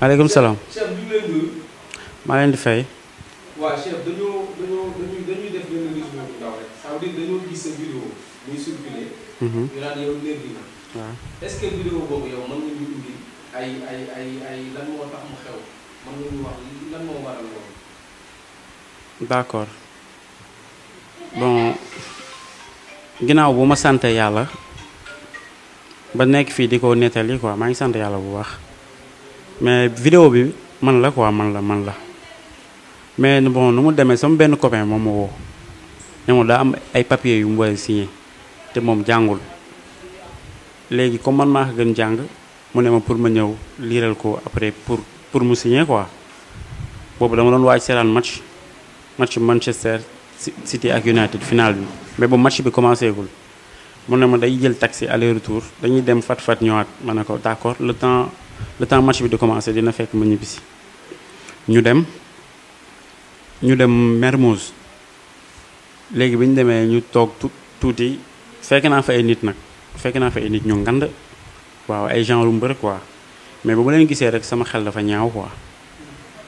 maaleykum salaam chef ñu ngi leen nuyu. maa leen di fay. waaw chef dañoo dañoo dañuy dañoo gis sa vidéo muy circulé. Mhm. ñu yow nervi na. waaw est ce que vidéo boobu yow mën nga ñu indi ay ay ay lan moo tax mu xew mën nga ginnaaw bu ma sant yàlla ba nekk fii di koo ko nettali ko maa ngi sant yàlla bu wax mais vidéo bi man la quoi man la man la mais bon nu mu demee sama benn copin moom ma woo ne daa am ay papiers yu mu war a te moom jàngul léegi comme man maa ko gën jàng mu ne ma pour ma ñëw liiral ko après pour pour mu signé quoi boobu dama doon waaj seetaan match match Manchester City ak United final bi mais bu match bi commencé gul mu ne ma day jël taxi aller retour dañuy dem fat fat ñëwaat ma ne ko d'accord le temps. le temps match bi di commencer dina fekk ma ñibbisi ñu dem ñu dem Mermoz léegi bi ñu demee ñu toog tu tuuti fekk naa fa ay nit nag fekk naa fa ay nit ñu ngand waaw ay genre mbër quoi mais ba ma leen gisee rek sama xel dafa ñaaw quoi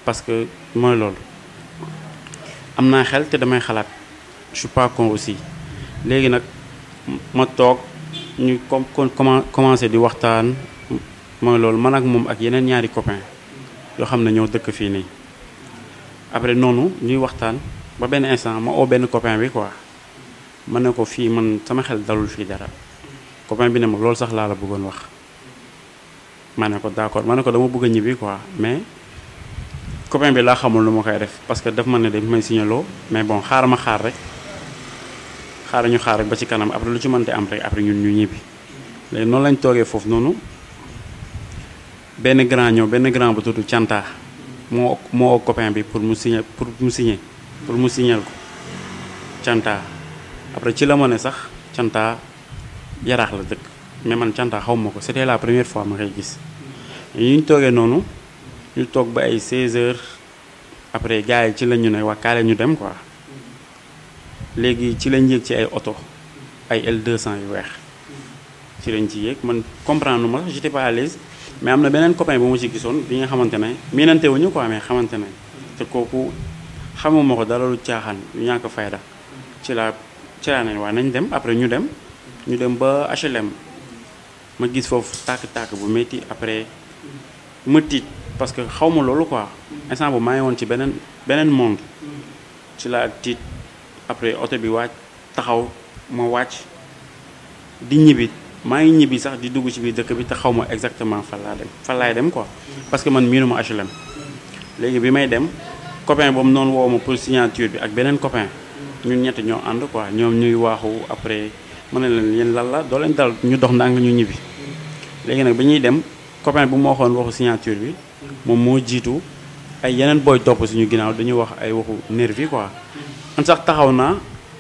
parce que mooy loolu am naa xel te damay xalaat je suis pas aussi léegi nag ma toog ñu com commencé di waxtaan mooy loolu man ak moom ak yeneen ñaari copain yoo xam ne ñoo dëkk fii nii après noonu ñuy waxtaan ba benn instant ma oo benn copain bi quoi ma ne ko fii man sama xel dalul fii dara copain bi ne ma loolu sax laa la bëggoon wax ma ne ko d'accord ma ne ko dama bëgg a ñibbi quoi mais copain bi laa xamul lu ma koy def parce que daf ma ne daf may signaloo mais bon xaar ma xaar rek xaar ñu xaar rek ba ci kanam après lu ci mënte am rek après ñun ñu ñibbi léegi noonu lañ toogee foofu noonu. benn grand ñëw benn grand bu tudd Canta moo moo ëpp copain bi pour mu signer pour mu signer pour mu signer ko Canta après ci la ma ne sax Canta yaraax la dëkk mais man Canta xaw ma ko c'était la première fois ma koy gis. ñu ñu toogee noonu ñu toog ba ay 16 heures après gars ci la ñu ne waa kaale ñu dem ko léegi ci lañ yéeg ci ay oto ay L200 yu weex ci lañ ci yéeg man comprendre ma sax j'étais pas à mais am na beneen copain bu ma ci gisoon bi nga xamante ne miinante wuñu quoi mais xamante ne te kooku xamuma ko dara lu caaxaan yu ñàkk fayda ci laa ci laa ne waaye nañ dem après ñu dem ñu dem ba HLM ma gis foofu tàkk-tàkk bu métti après ma tiit parce que xaw ma loolu quoi instant bu maa ngi woon ci beneen beneen monde ci laa tiit après oto bi wàcc taxaw ma wàcc di ñibbi maa ngi ñibbi sax di dugg ci biir dëkk bi te xaw ma exactement fan laa dem fan laay dem quoi parce que man miinuma HLM léegi bi may dem copain boobu noonu woo ma pour signature bi ak beneen copain ñun ñetti ñoo ànd quoi ñoom ñuy waaxu après mën na leen yéen lan la doo leen dal ñu dox ndànk ñu ñibbi léegi nag ba ñuy dem copain bu mu waxoon waxu signature bi moom moo jiitu ay yeneen booy topp suñu ginnaaw dañuy wax ay waxu nervi quoi man sax taxaw naa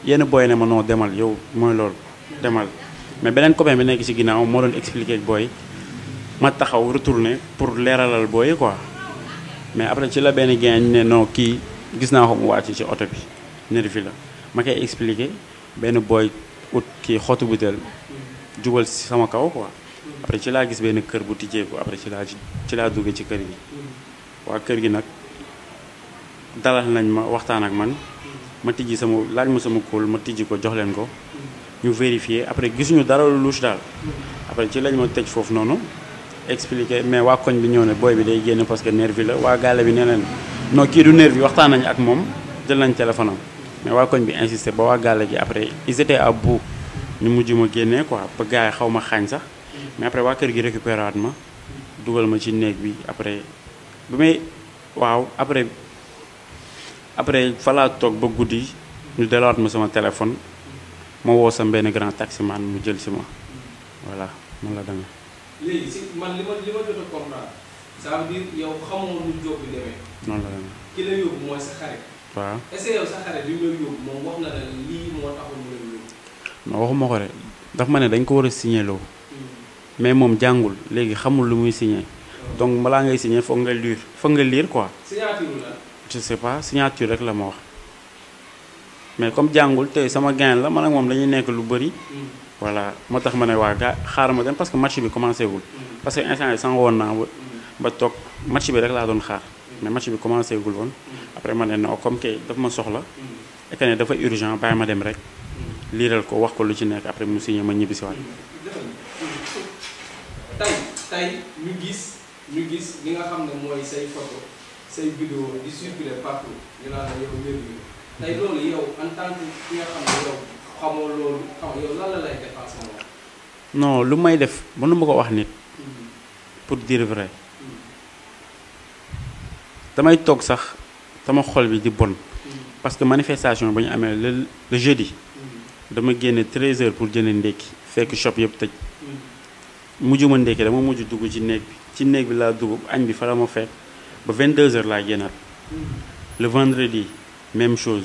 yenn booy ne ma noo demal yow mooy loolu demal mais beneen copain bi nekk ci ginnaaw moo doon explique booy ma taxaw retourné pour leeralal booy quoi mais après ci la benn gain ne noo kii gis naa ko mu wàcc ci oto bi nervi la ma koy expliqué benn booy ut kii xottu butéel jubal sama kaw quoi après ci laa gis benn kër bu tijjeeku après ci laa ci laa duggee ci kër gi waa kër gi nag dalal nañ ma waxtaan ak man ma tijji sama laaj ma sama kóol ma tijji ko jox leen ko ñu vérifier après gisuñu dara lu louche daal après ci lañ ma tëj foofu noonu expliqué mais waa koñ bi ñëw ne booy bi day génn parce que nervi la waa gaale bi ne leen non kii du nervi waxtaan nañu ak moom jël nañ téléphone mais waa koñ bi insisté ba waa gaale gi après ils étaient à bout ñu mujj ma génnee quoi ba gars yi xaw ma xaañ sax mais après waa kër gi récupéré waat ma dugal ma ci néeg bi après bi may waaw après après falaat toog ba guddi ñu delawaat ma sama téléphone ma woo sa benn grand taximan mu jël si ma voilà man la demee. léegi si ma ki la yóbbu mooy sa xarit. waaw est-ce sa xarit li mu yóbbu moom wax na la lii moo taxul mu la yóbbu. non waxuma ko de daf ma ne dañ ko war a signé mais moom jàngul léegi xamul lu muy signé. donc balaa ngay signé foog nga lire foog nga liir quoi. signature la. je sais pas signature rek la ma wax. mais comme jàngul tey sama gain la man ak moom dañuy nekk lu bëri. Mm-hmm. voilà moo tax ma ne waa gars xaar ma dem parce que match bi commencé gul. Mm-hmm. parce que instant yii sang woon naa ba mm-hmm. ba match bi rek laa doon xaar. mais match bi commencé gul woon. après ma ne non comme que daf ma soxla. et que ne dafa urgent bàyyi ma dem rek. liiral ko wax ko lu ci nekk après mu signé ma ñibbi si waat. tey tey ñu non lu may def mënu ma ko wax nit mm-hmm. pour dire mm-hmm. damay toog sax sama xol bi di bon mm-hmm. parce que manifestation ba ñu amee le jeudi dama génne 13 heures pour jënd ndékki fekk shop yëpp tëj mujj ma ndékki dama mujj dugg ci néeg bi ci néeg bi laa dugub añ bi fa la ma fekk ba 22 heures laa génnaat le vendredi même chose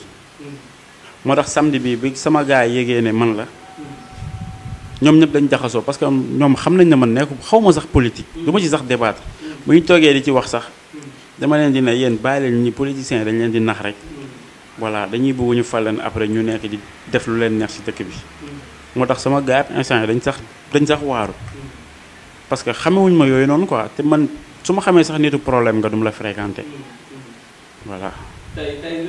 moo tax samedi bi bi sama gars yi ne man la ñoom ñëpp dañ jaxasoo parce que ñoom xam nañ ne man nekk xaw ma sax politique du ma ci sax débattre bu ñu toogee di ci wax sax dama leen di ne yéen bàyyi leen ñi politiciens dañ leen di nax rek voilà dañuy bëgg ñu fal leen après ñu nekk di def lu leen neex ci dëkk bi moo tax sama gars yi instant dañ sax dañ sax waaru parce que xamewuñ ma yooyu noonu quoi te man su ma xamee sax nitu problème nga dum la fréquenter voilà tey tey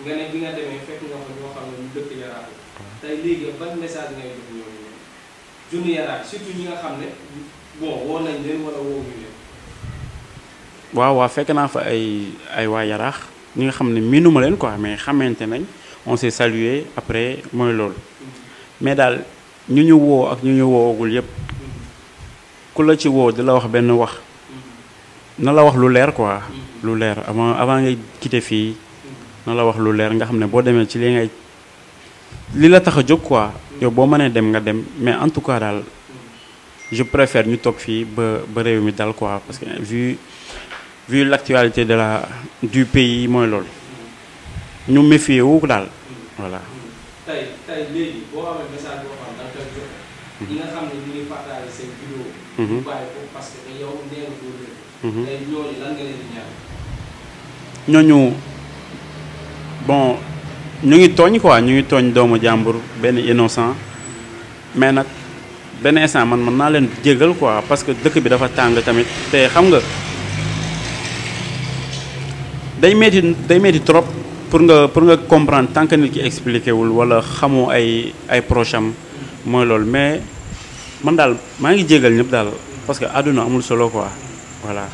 nga ne bi nga demee fekk nga fa ñoo xam ne ñu dëkk yaraax la tey léegi ban message ngay jox yaraax surtout ñi nga xam ne bon woo nañ leen wala woo ñu leen. waaw waaw fekk naa fa ay ay waay yaraax ñi nga xam ne miinuma leen ko mais xamante nañ on s'est salué après mooy loolu mm-hmm. mais daal ñu ñu woo ak ñu ñu woowagul yépp mm-hmm. ku la ci woo di la wax benn wax. na la wax lu leer quoi. lu leer avant avant ngay quitter fii. na la wax lu leer nga xam ne boo demee ci li ngay li la tax a jóg quoi. yow boo mënee dem nga dem mais en tout cas daal je préfère ñu toog fii ba ba réew mi dal quoi parce que vu vu l'actualité de la du pays mooy loolu ñu méfier wu daal voilà. ñi nga mhm. mhm. ñooñu bon ñu ngi tooñ quoi ñu ngi tooñ doomu jàmbur benn innocent mais nag benn instant man mën naa leen jégal quoi parce que dëkk bi dafa tàng tamit te xam nga day metti day metti trop pour nga pour nga comprendre tant que nit ki expliqué wul wala xamoo ay ay proche mooy loolu mais man daal maa ngi jégal ñëpp daal parce que àdduna amul solo quoi voilà.